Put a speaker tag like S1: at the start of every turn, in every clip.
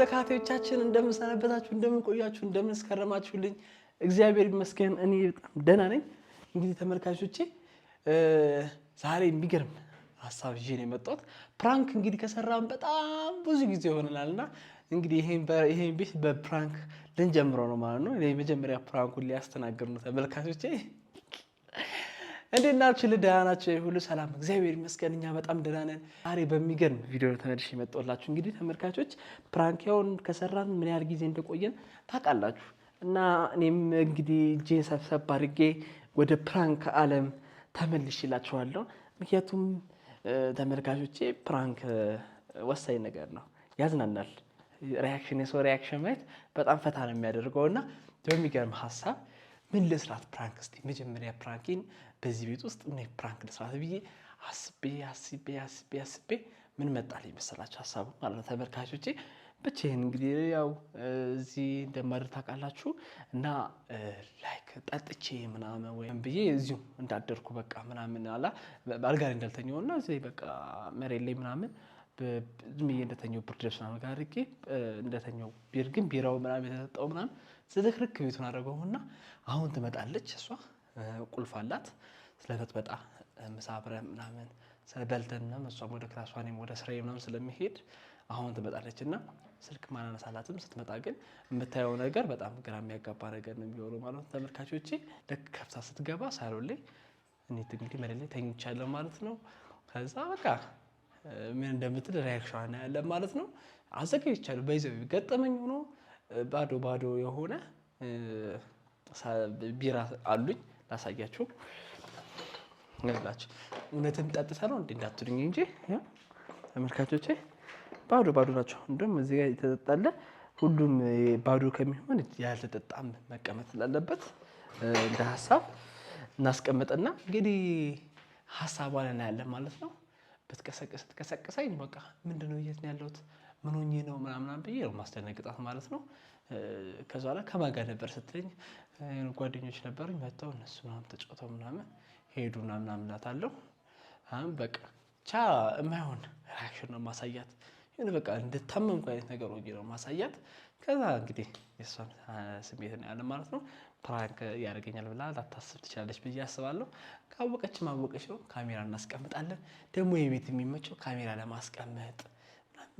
S1: ተከታዮቻችን እንደምንሰነበታችሁ፣ እንደምንቆያችሁ፣ እንደምንስከረማችሁልኝ እግዚአብሔር ይመስገን እኔ በጣም ደህና ነኝ። እንግዲህ ተመልካቾቼ ዛሬ የሚገርም ሀሳብ ይዤ ነው የመጣሁት። ፕራንክ እንግዲህ ከሰራን በጣም ብዙ ጊዜ ሆነናል እና እንግዲህ ይሄን ቤት በፕራንክ ልንጀምረው ነው ማለት ነው። የመጀመሪያ ፕራንኩን ሊያስተናግር ነው ተመልካቾቼ እንዴት ናችሁ? ሁሉ ደህና ሁሉ ሰላም፣ እግዚአብሔር ይመስገን፣ እኛ በጣም ደህና ነን። ዛሬ በሚገርም ቪዲዮ ተመልሼ መጣሁላችሁ። እንግዲህ ተመልካቾች ፕራንኪያውን ከሰራን ምን ያህል ጊዜ እንደቆየን ታውቃላችሁ። እና እኔም እንግዲህ እጄን ሰብሰብ አድርጌ ወደ ፕራንክ ዓለም ተመልሼላችኋለሁ። ምክንያቱም ተመልካቾቼ ፕራንክ ወሳኝ ነገር ነው፣ ያዝናናል። ሪያክሽን የሰው ሪያክሽን ማየት በጣም ፈታ ነው የሚያደርገው እና በሚገርም ሀሳብ ምን ለስራት ፕራንክ እስቲ መጀመሪያ ፕራንኬን በዚህ ቤት ውስጥ ምን ፕራንክ ለስራት ብዬ አስቤ አስቤ አስቤ አስቤ ምን መጣልኝ መሰላችሁ? ሀሳቡ ማለት ነው ተመልካቾቼ። ብቻዬን እንግዲህ ያው እዚህ እንደማድር ታውቃላችሁ እና ላይክ ጠጥቼ ምናምን ወይም ብዬ እዚሁ እንዳደርኩ በቃ ምናምን አላ አልጋሪ እንዳልተኘው እንዳልተኛው እና እዚህ በቃ መሬት ላይ ምናምን ዝም እንደተኘው ብርድ ልብስ ምናምን ጋር አድርጌ እንደተኛው ቢር ግን ቢራው ምናምን የተሰጠው ምናምን ዝርክርክ ቤቱን አደረገውና አሁን ትመጣለች እሷ ቁልፍ አላት። ስለበጥበጣ ምሳ አብረን ምናምን ስለበልተን ምናምን እሷም ወደ ክላሷ እኔም ወደ ስራዬ ምናምን ስለሚሄድ አሁን ትመጣለች እና ስልክ ማናነሳላትም። ስትመጣ ግን የምታየው ነገር በጣም ግራ የሚያጋባ ነገር ነው የሚሆነው ማለት ነው። ተመልካቾቼ ልክ ከፍታ ስትገባ ሳሎን ላይ እኔት እንግዲህ መሌ ላይ ተኝቻለሁ ማለት ነው። ከዛ በቃ ምን እንደምትል ሪያክሽን ያለን ማለት ነው። አዘጋጅቻለሁ በይዘው ገጠመኝ ሆኖ ባዶ ባዶ የሆነ ቢራ አሉኝ ላሳያችሁ። ይላችሁ እውነትም ጠጥተ ነው እንዴ እንዳትሉኝ እንጂ ተመልካቾቼ ባዶ ባዶ ናቸው። እንዲሁም እዚህ ጋር የተጠጣለ ሁሉም ባዶ ከሚሆን ያልተጠጣም መቀመጥ ስላለበት እንደ ሀሳብ እናስቀምጥና እንግዲህ ሀሳቧን እናያለን ማለት ነው። ብትቀሰቅስ ትቀሰቅሰኝ በቃ ምንድነው የት እየት ነው ያለሁት ምን ሆኜ ነው ምናምናም ብዬ ነው ማስደነግጣት ማለት ነው። ከዛ በኋላ ከማን ጋር ነበር ስትለኝ ጓደኞች ነበሩኝ መጥተው እነሱ ምናምን ተጫውተው ምናምን ሄዱ ምናምን እላታለሁ። አሁን በቃ ቻ የማይሆን ሪያክሽን ነው ማሳያት ይሁን በቃ እንድታመምኩ አይነት ነገር ሆኜ ነው ማሳያት። ከዛ እንግዲህ የእሷን ስሜት ነው ያለ ማለት ነው። ፕራንክ ያደርገኛል ብላ ላታስብ ትችላለች ብዬ አስባለሁ። ካወቀች ማወቀች ነው። ካሜራ እናስቀምጣለን። ደግሞ የቤት የሚመቸው ካሜራ ለማስቀመጥ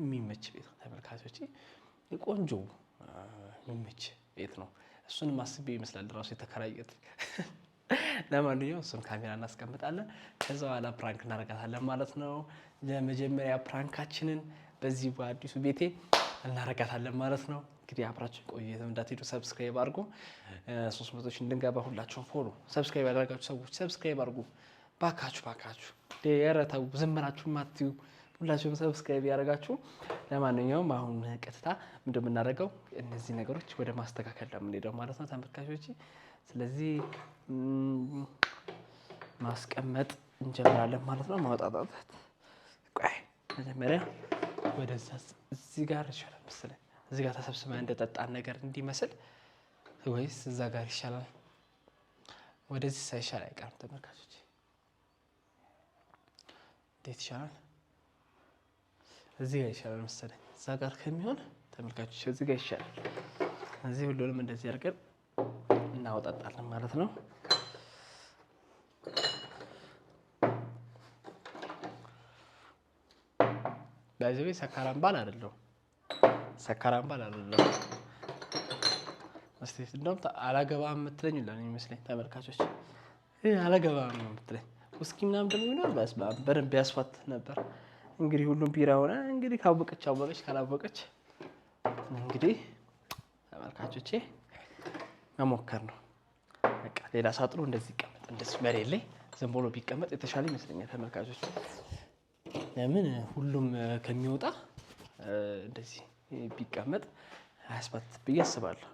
S1: የሚመች ቤት ነው ተመልካቾች፣ ቆንጆ የሚመች ቤት ነው። እሱን ማስቤ ይመስላል ራሱ የተከራየት። ለማንኛውም እሱን ካሜራ እናስቀምጣለን፣ ከዛ በኋላ ፕራንክ እናረጋታለን ማለት ነው። ለመጀመሪያ ፕራንካችንን በዚህ በአዲሱ ቤቴ እናረጋታለን ማለት ነው። እንግዲህ አብራችን ቆዩ። እንዳትሄዱ ሰብስክራይብ አድርጎ ሶስት መቶ ሺህ እንድንገባ ሁላችሁም ፎሎ ሰብስክራይብ ያደረጋችሁ ሰዎች ሰብስክራይብ አድርጉ ባካችሁ፣ ባካችሁ። ኧረ ተው ዝምራችሁ ማትዩ ሁላችሁም ሰብስክራይብ ያደረጋችሁ። ለማንኛውም አሁን ቀጥታ ምንድ የምናደርገው እነዚህ ነገሮች ወደ ማስተካከል ለምንሄደው ማለት ነው ተመልካቾች። ስለዚህ ማስቀመጥ እንጀምራለን ማለት ነው። ማውጣጣት መጀመሪያ ወደዛ እዚህ ጋር ይሻላል መሰለኝ። እዚህ ጋር ተሰብስበ እንደጠጣን ነገር እንዲመስል ወይስ እዛ ጋር ይሻላል? ወደዚህ ሳይሻል አይቀርም ተመልካቾች፣ እንዴት ይሻላል? እዚህ ጋር ይሻላል መሰለኝ፣ እዛ ጋር ከሚሆን ተመልካቾች እዚህ ጋር ይሻላል። እዚህ ሁሉንም እንደዚህ አድርገን እናወጣጣለን ማለት ነው። ዳይዘቤ ሰካራም ባል አይደለሁም፣ ሰካራም ባል አይደለሁም። እስቲ እንደውም አላገባም የምትለኝ ለን ይመስለኝ ተመልካቾች፣ አላገባም ነው የምትለኝ ውስኪ ምናምን ደግሞ ይኖር በደንብ ያስፋት ነበር። እንግዲህ ሁሉም ቢራ ሆነ። እንግዲህ ካወቀች አወቀች፣ ካላወቀች እንግዲህ ተመልካቾቼ መሞከር ነው። በቃ ሌላ ሳጥኑ እንደዚህ ይቀመጥ፣ እንደዚህ መሬት ላይ ዝም ብሎ ቢቀመጥ የተሻለ ይመስለኛል ተመልካቾች። ለምን ሁሉም ከሚወጣ እንደዚህ ቢቀመጥ አያስባት ብዬ አስባለሁ።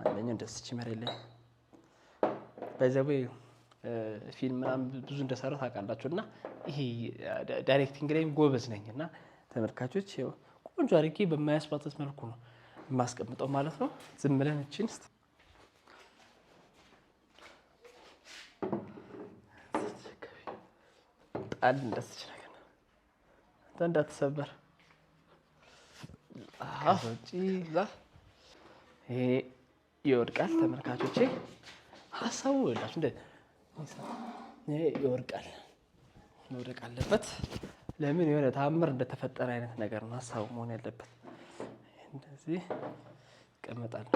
S1: አንደኛው ደስች መሬት ላይ በዘቦ ፊልም ምናምን ብዙ እንደሰራ ታውቃላችሁ። እና ይሄ ዳይሬክቲንግ ላይም ጎበዝ ነኝ እና ተመልካቾች ቆንጆ አድርጌ በማያስባጠት መልኩ ነው የማስቀምጠው ማለት ነው። ዝም ብለን እችን ስ ጣል እንደስች ነገር እንደስችል እንዳትሰበር ይወድቃል። ተመልካቾቼ ሀሳቡ ላችሁ ይወርቃል መውደቅ አለበት። ለምን የሆነ ታምር እንደተፈጠረ አይነት ነገር ነው ሀሳቡ መሆን ያለበት። እንደዚህ ይቀመጣል።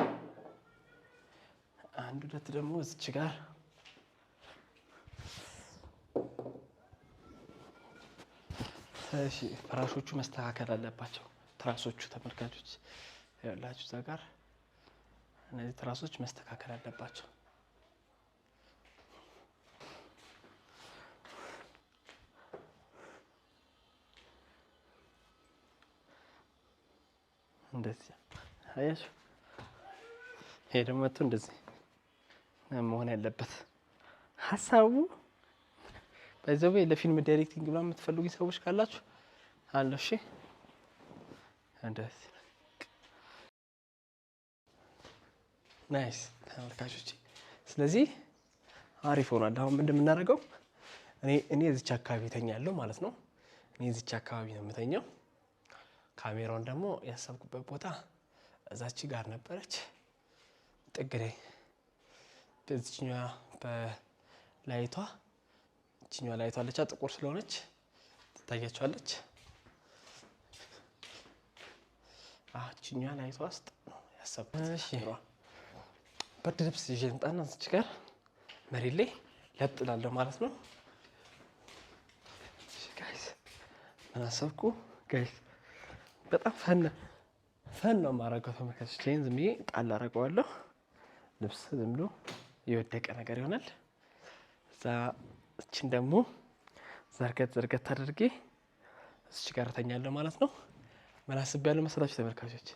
S1: አንድ ሁለት ደግሞ እዚች ጋር ፍራሾቹ መስተካከል አለባቸው። ትራሶቹ ተመልካቾች ያላችሁ እዛ ጋር እነዚህ ትራሶች መስተካከል አለባቸው። እንደዚህ አያችሁ። ይሄ ደግሞ መቶ እንደዚህ መሆን ያለበት ሀሳቡ። በዚያው ለፊልም ዳይሬክቲንግ ብላ የምትፈልጉ ሰዎች ካላችሁ አለ። እሺ እንደዚህ ናይስ ተመልካቾች። ስለዚህ አሪፍ ሆኗል። አሁን ምንድን የምናደርገው እኔ እኔ እዚች አካባቢ እተኛለሁ ማለት ነው። እኔ እዚች አካባቢ ነው የምተኛው። ካሜራውን ደግሞ ያሰብኩበት ቦታ እዛች ጋር ነበረች ጥግ ላይ በላይቷ ይችኛዋ ላይቷ አለቻ ጥቁር ስለሆነች ትታያቸዋለች። ይችኛዋ ላይቷ ውስጥ ያሰብኩት ብርድ ልብስ ይዤ ልምጣና እዚች ጋር መሬት ላይ ለጥ ማለት ነው። ጋይስ ምን አሰብኩ ጋይስ በጣም ፈን ፈን ነው የማደርገው። ተመልካቾች ይህን ዝም ብዬ ጣል አደርገዋለሁ። ልብስ ዝም ብሎ የወደቀ ነገር ይሆናል። እዛ እችን ደግሞ ዘርገት ዘርገት አድርጌ እዚች ጋር ተኛለሁ ማለት ነው። መላስብ ያለው መሰላችሁ ተመልካቾች?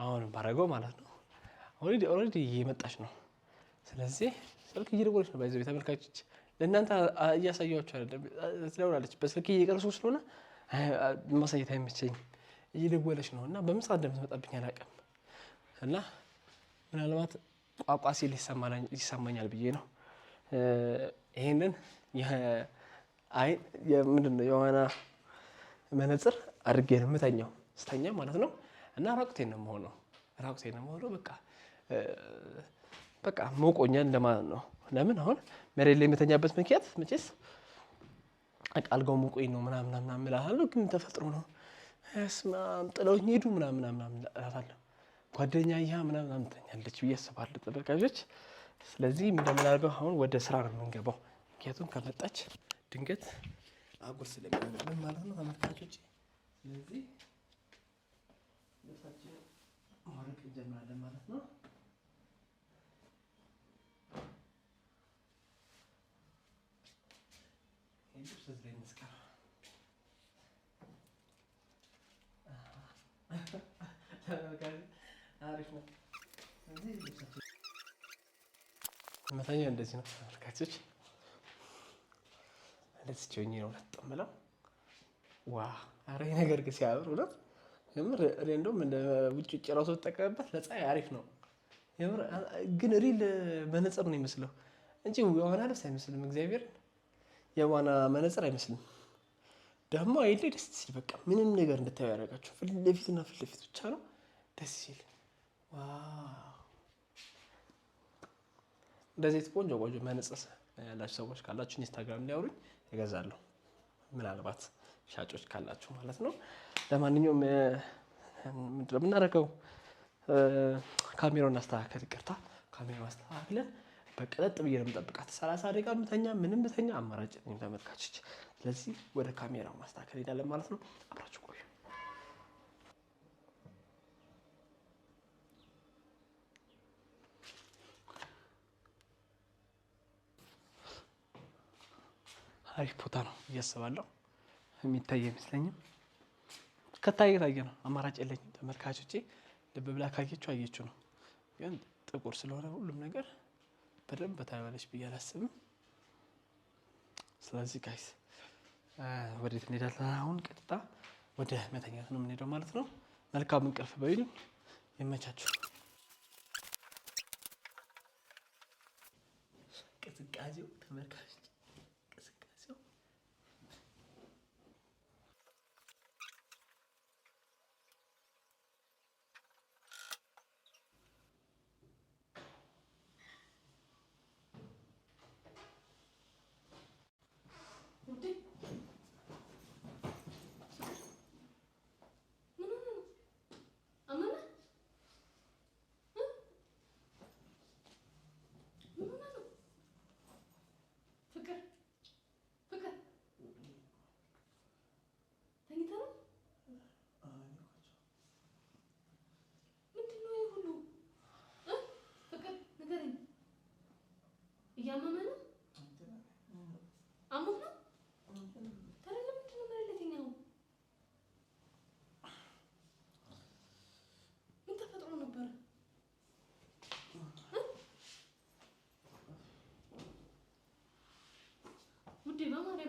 S1: አሁን ባረገው ማለት ነው። ኦልሬዲ ኦልሬዲ እየመጣች ነው። ስለዚህ ስልክ እየደወለች ነው። ባይዘው ተመልካቾች ለእናንተ እያሳያችሁ አይደለም ስለሆናለች በስልክ እየቀረሱ ስለሆነ ማሳየት አይመቸኝም። እየደወለች ነው እና በምን ሰዓት እንደምትመጣብኝ አላውቅም። እና ምናልባት ቋቋ ሲል ይሰማኛል ብዬ ነው ይህንን ምንድን ነው የሆነ መነጽር አድርጌ ነው የምተኛው ስተኛ ማለት ነው። እና ራቁቴን ነው የምሆነው ራቁቴን ነው የምሆነው። በቃ በቃ ሞቆኛል እንደማለት ነው። ለምን አሁን መሬት ላይ የምተኛበት ምክንያት መቼስ አልጋው ሞቆኝ ነው ምናምን ምላሉ ግን ተፈጥሮ ነው ስማም ጥለውኝ ሄዱ ምናምን ምናምን እላታለሁ። ጓደኛ ያ ምናምን ትተኛለች ብዬ አስባለሁ ተጠቃሾች። ስለዚህ እንደምናደርገው አሁን ወደ ስራ ነው የምንገባው። ምክንያቱም ከመጣች ድንገት አጉር ስለሚሆንብን ማለት ነው ተመልካቾች። ስለዚህ ልብሳችን ማረቅ እንጀምራለን ማለት ነው። ልብስ መተኛ እንደዚህ ነው ተመልካቾች፣ እንደዚህ ሆኜ ነው ለጥ ብለው ዋ አረ ነገር ግን ሲያምር እውነት የምር እኔ እንደውም እንደ ውጭ ውጭ ራሱ ተጠቀመበት ለፀሐይ አሪፍ ነው የምር ግን ሪል መነጽር ነው ይመስለው እንጂ የዋና ልብስ አይመስልም። እግዚአብሔር የዋና መነጽር አይመስልም። ደግሞ አይሌ ደስ ሲል በቃ ምንም ነገር እንድታዩ ያደረጋቸው ፊት ለፊትና ፊት ለፊት ብቻ ነው። ደስ ሲል እንደዚህ ቆንጆ ቆንጆ መነጽስ ያላችሁ ሰዎች ካላችሁ ኢንስታግራም ሊያውሩኝ ይገዛለሁ፣ ምናልባት ሻጮች ካላችሁ ማለት ነው። ለማንኛውም ምንድነው የምናደርገው? ካሜራውን አስተካከል፣ ይቅርታ፣ ካሜራውን አስተካክለን በቀለጥ ብዬ ነው የምጠብቃት። ሰላሳ ደቂቃ ምተኛ ምንም ምተኛ አማራጭ ተመልካቾች። ስለዚህ ወደ ካሜራው ማስተካከል ሄዳለን ማለት ነው። አብራችሁ ቆዩ። አሪፍ ቦታ ነው እያስባለሁ። የሚታይ አይመስለኝም። ከታየ ታየ ነው፣ አማራጭ የለኝም። ተመልካቾቼ ልብ ብላ ካየችው አየችው ነው። ግን ጥቁር ስለሆነ ሁሉም ነገር በደንብ ታይዋለች ብዬ አላስብም። ስለዚህ ጋይስ ወዴት እንሄዳለን? አሁን ቀጥታ ወደ መተኛት ነው የምንሄደው ማለት ነው። መልካም እንቅልፍ በይልኝ፣ ይመቻችሁ። ቅዝቃዜው ተመልካች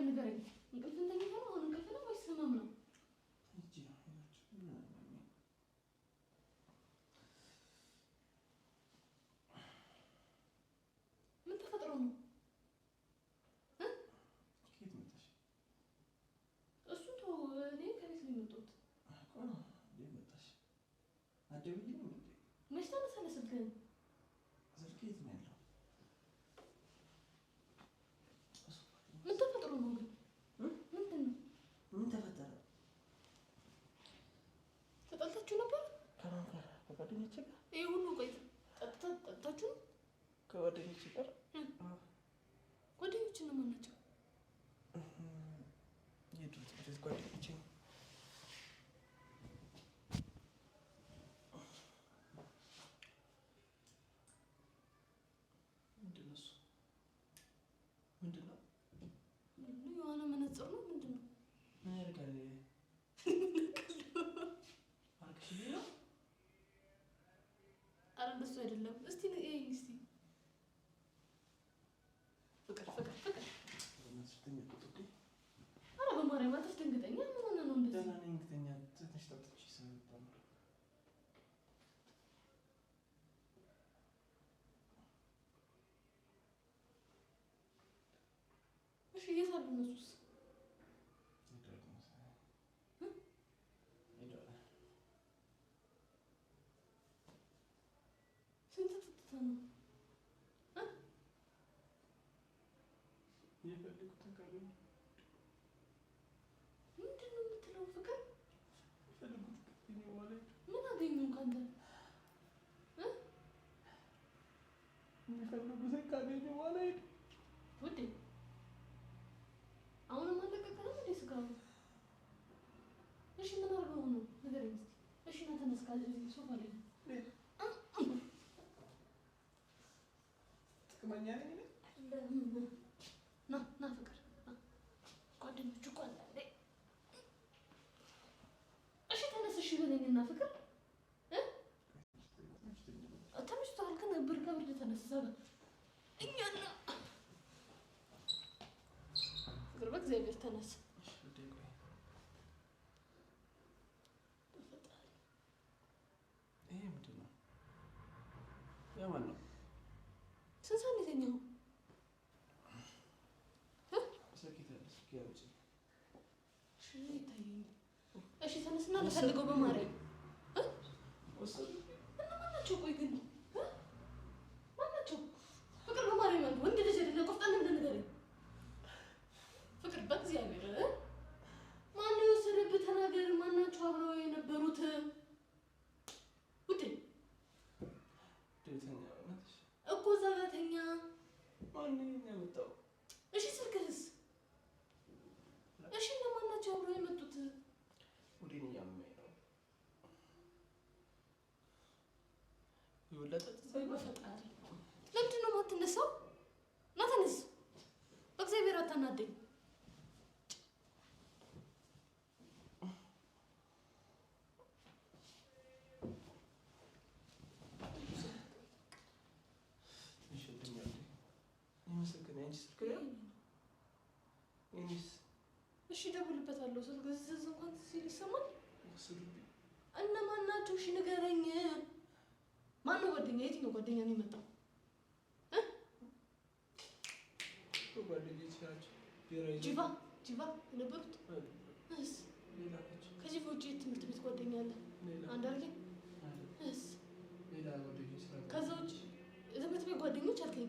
S2: ነገር ልትነጽር ነው ምንድን ነው? ኧረ እንደሱ አይደለም። እስቲ እስቲ ፍቅር ፍቅር ፍቅር በማርያም አታስደንግጠኛ። ምን
S1: ሆነህ ነው እንደዚህ?
S2: እሺ እነሱስ ነው
S1: የፈለኩት ምንድን ነው
S2: የምትለው?
S1: ፍቅር ምን
S2: አገኘው ከአንተ
S1: የሚፈልጉት ካገኙ
S2: ማለት ውዴ፣ አሁንም አለቀቀንም እንዴ ስጋ? እሺ ምን አድርገው ነው ንገረኝ እስኪ። እሺ ና ተነስካ ሶፋ ላይ
S1: ዝማኛ ነኝ
S2: ና ና ፍቅር ጓደኞቹ እኮ እሺ ፍቅር ተመችቶሃል ግን ብር ከብር ተነስሰ እኛና ፍቅር በእግዚአብሔር ada satu gue mari እንጂ ስልክ ነው እሺ እደውልበታለሁ። ስልክ ዝዝ እንኳን ሲል ይሰማል። እነማን ናቸው? እሺ ንገረኝ። ማነው ጓደኛ? የትኛው ጓደኛ ነው የመጣው? ጂቫ ጂቫ የነበሩት ከዚህ ውጭ ትምህርት ቤት
S1: ጓደኛ አለ አንዳርጌ።
S2: ከዛ ውጭ ትምህርት ቤት ጓደኞች አልከኝ።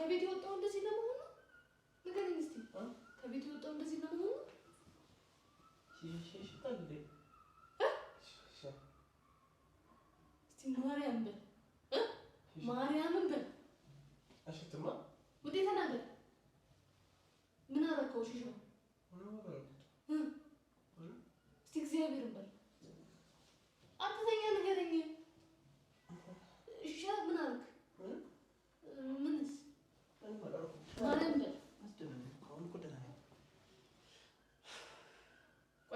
S2: ከቤት የወጣው እንደዚህ ለመሆኑ ንገረኝ እስኪ። ከቤት የወጣው እንደዚህ ለመሆኑ ነው? እስኪ ማርያም በል ማርያምን በል ውዴ ተናገር። ምን አደረከው? ሽሻ እስቲ እግዚአብሔርን በል አትተኛ፣ ንገረኝ። ሽሻ ምን አደረክ? ምንስ ቆይ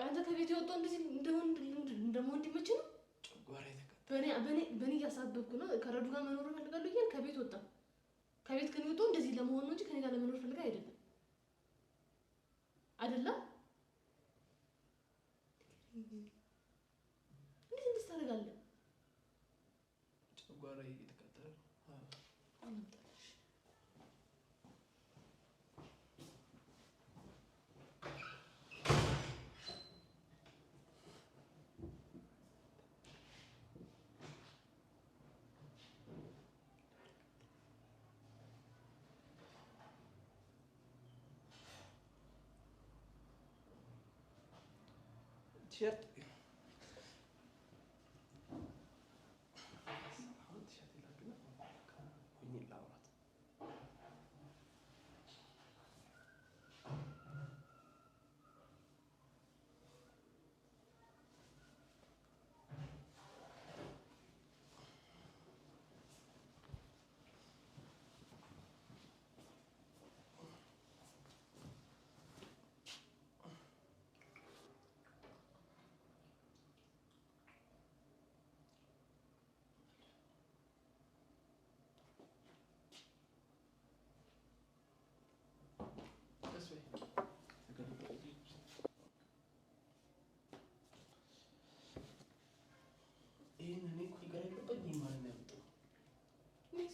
S2: አንተ ከቤት የወጣው እንደዚህ እንደሆን እንዲመች ነው። በእኔ እያሳበብኩ ነው። ከረዱ ጋር መኖር እፈልጋለሁ እያል ከቤት ወጣ። ከቤት ግን እንደዚህ ለመሆን ነው እንጂ ከኔ ጋር ለመኖር ፈልጋ አይደለም አይደለም
S1: черт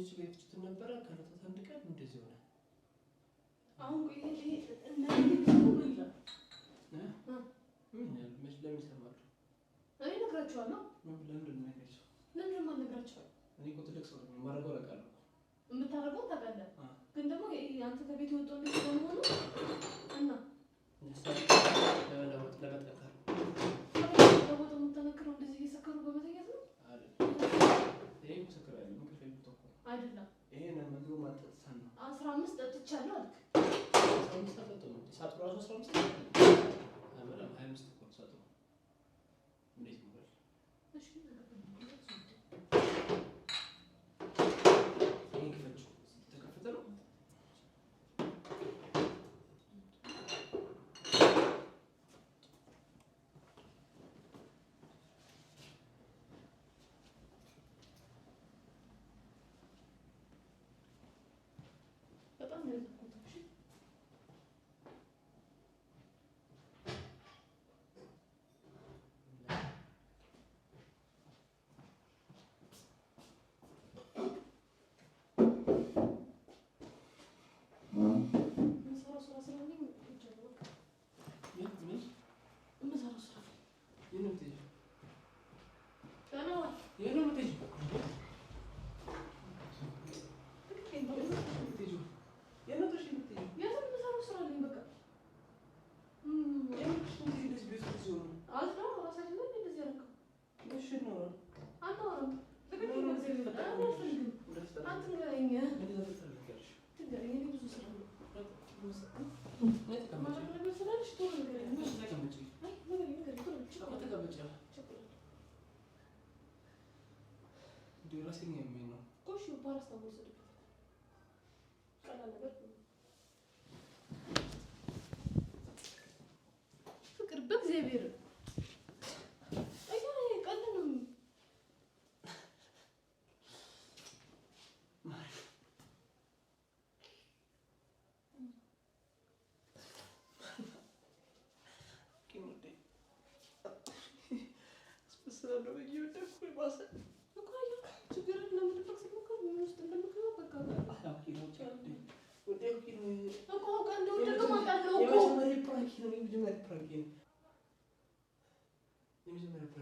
S1: ከልጅ ቤት ውስጥ ነበረ። ከዕለታት አንድ ቀን
S2: እንደዚህ ሆነ። አሁን ቆይ ይሄ ለምን እኔ ለምንድን ነው ለምንድን ነው
S1: እኔ እኮ ትልቅ ሰው ነኝ። የማደርገው
S2: አውቃለሁ። የምታደርገው ታውቃለህ። ግን ደግሞ አንተ ከቤት የወጣው እንደዚህ በመሆኑ እና ለመጠቀም አይደለም ይሄን ምግብ ማጠጥተን ነው። አስራ አምስት ጠጥቻለሁ አልክ።
S1: አስራ አምስት ነው። ራሴን የሚል
S2: ነው ቆሽ ፓራስታሞል ስጡበት። ቀላል ነገር ፍቅር በእግዚአብሔር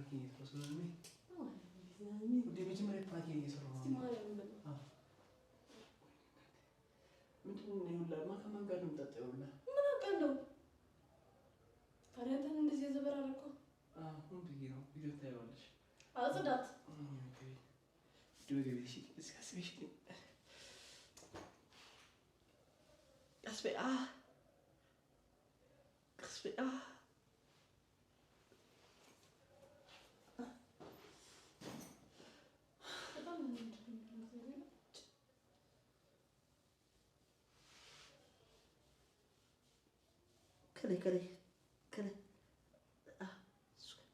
S1: ፓርኪንግ የመጀመሪያ ፓርኪንግ እየሰራሁ ነው። ከማን ጋር ነው
S2: የምጠጣው? ምን አውቃለሁ። ታዲያ አንተን እንደዚህ የዘበራረቀው
S1: አሁን ብዬ ነው። ቪዲዮ
S2: ታይዋለሽ። አጽዳት
S1: ቀስ በይ Cadê, cadê, Cadê? Ah, suca.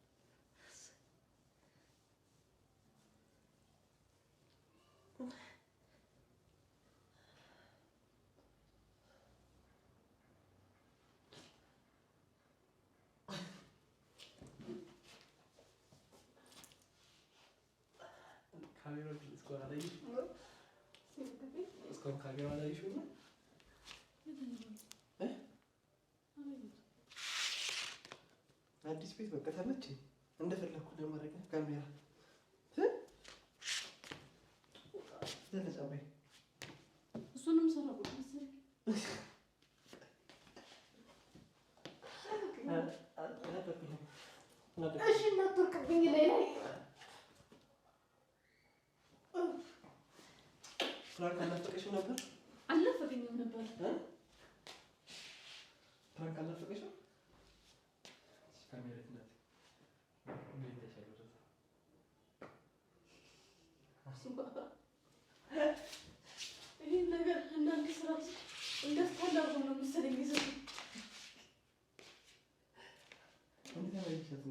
S1: Caminhou aqui, escorada aí. Sim, tá bem. Escorra, caminhou aí, chuva. ቤት በቃ ተመቸኝ። እንደፈለግኩ ለማድረግ ካሜራ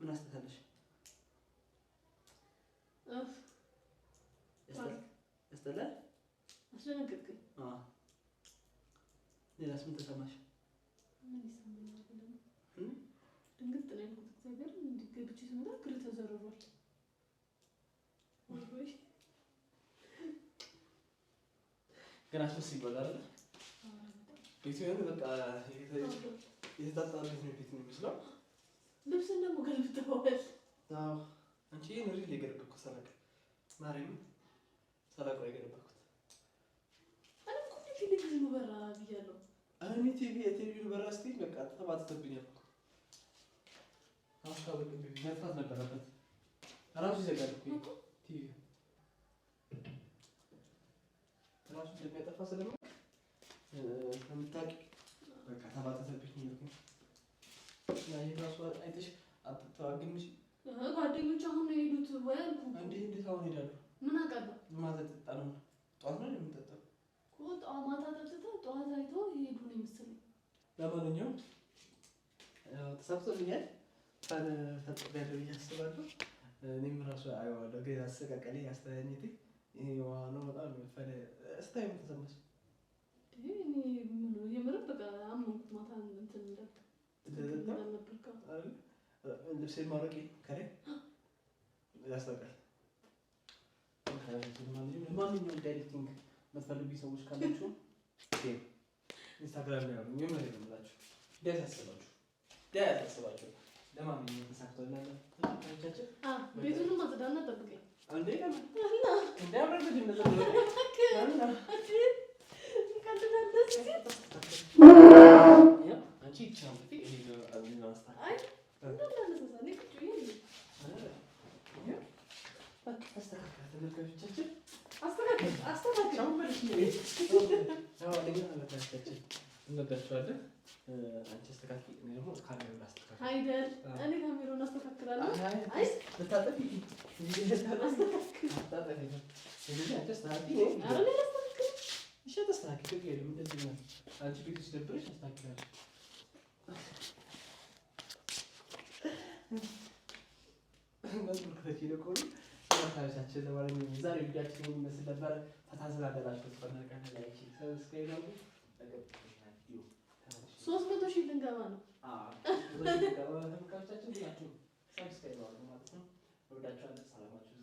S1: ምን አስተታለሽ? እፍ ያስጠላል።
S2: አስደነገጥከኝ።
S1: ሌላስ ምን ተሰማሽ?
S2: ድንግጥ ነው ያልኩት። እግዚአብሔር እንዲገብቼ ስመጣ እግር ተዘርሯል።
S1: ግን አስመስ ይባላል ቤቱ በቃ የተጣጣበት ቤት ነው የሚመስለው
S2: ልብስን ደግሞ ገልብጠዋል።
S1: አንቺ ይህን ሪል የገለበኩት ሰላቅ ማርያም ሰላቅ የገለበኩት
S2: ቴሌቪዥኑ በራ
S1: ብያለሁ። እኔ ቲቪ የቴሌቪዥኑ በራ ስትይ በቃ ተባትተብኛል። መጥፋት ነበረበት። ራሱ ይዘጋል ቲቪ ራሱ እንደሚያጠፋ ስለማ ከምታውቂ በቃ ተባትተብ
S2: ጓደኞች አሁን ነው
S1: የሄዱት። ወይ እንዴት አሁን ሄዳሉ?
S2: ምን አውቃለሁ። ማታ ጠጣ ነው ጠዋት ነው የምጠጣው። ማታ ጠጥተው ጠዋት አይቶ
S1: የሄዱ ነው የመሰለኝ። ለማንኛውም ተሳብቶልኛል ፈጥሬያለሁ ብዬ አስባለሁ። እኔም ራሱ አየዋለሁ። ግን አሰቃቀለኝ አስተያየቴ ይሄ በጣም ፈለ ስታይ የምትሰማሽ
S2: ይሄ ምን የምር በቃ አመንኩት ማታ እንትን
S1: እንዳልክ ልብሴ ማረቂ ከሬ ያስታውቃል። ማንኛውም ዳይሬክቲንግ መትፈልጉ ሰዎች ካላችሁ ኢንስታግራም ላይ ምንም ነገር የምላችሁ ዳይ ያሳስባችሁ፣ ዳይ ያሳስባችሁ። ለማንኛውም
S2: ተሳክቶልናል። ተቻችን ቤቱንም
S1: ጠብቀኝ እንዴ እንዴ አብረን እንደዛ አንቺ ይቻላል አንቺ ቤት ውስጥ ደብረሽ አስተካክላለሁ መዝሙር ከተኪ ደቆ ታቻችን ለማንኛውም የዛሬ ቪዲዮአችን የሚመስል ነበረ። ፈታ ስላደራችሁ ተፈናቀለ
S2: ላይ ሰብስክራይብ አድርጉ። ሶስት መቶ ሺህ ልንገባ
S1: ነው። ተመልካቾቻችን ብላችሁ ሰብስክራይብ አድርጉ ማለት ነው። ወዳችኋለሁ። ሰላማችሁ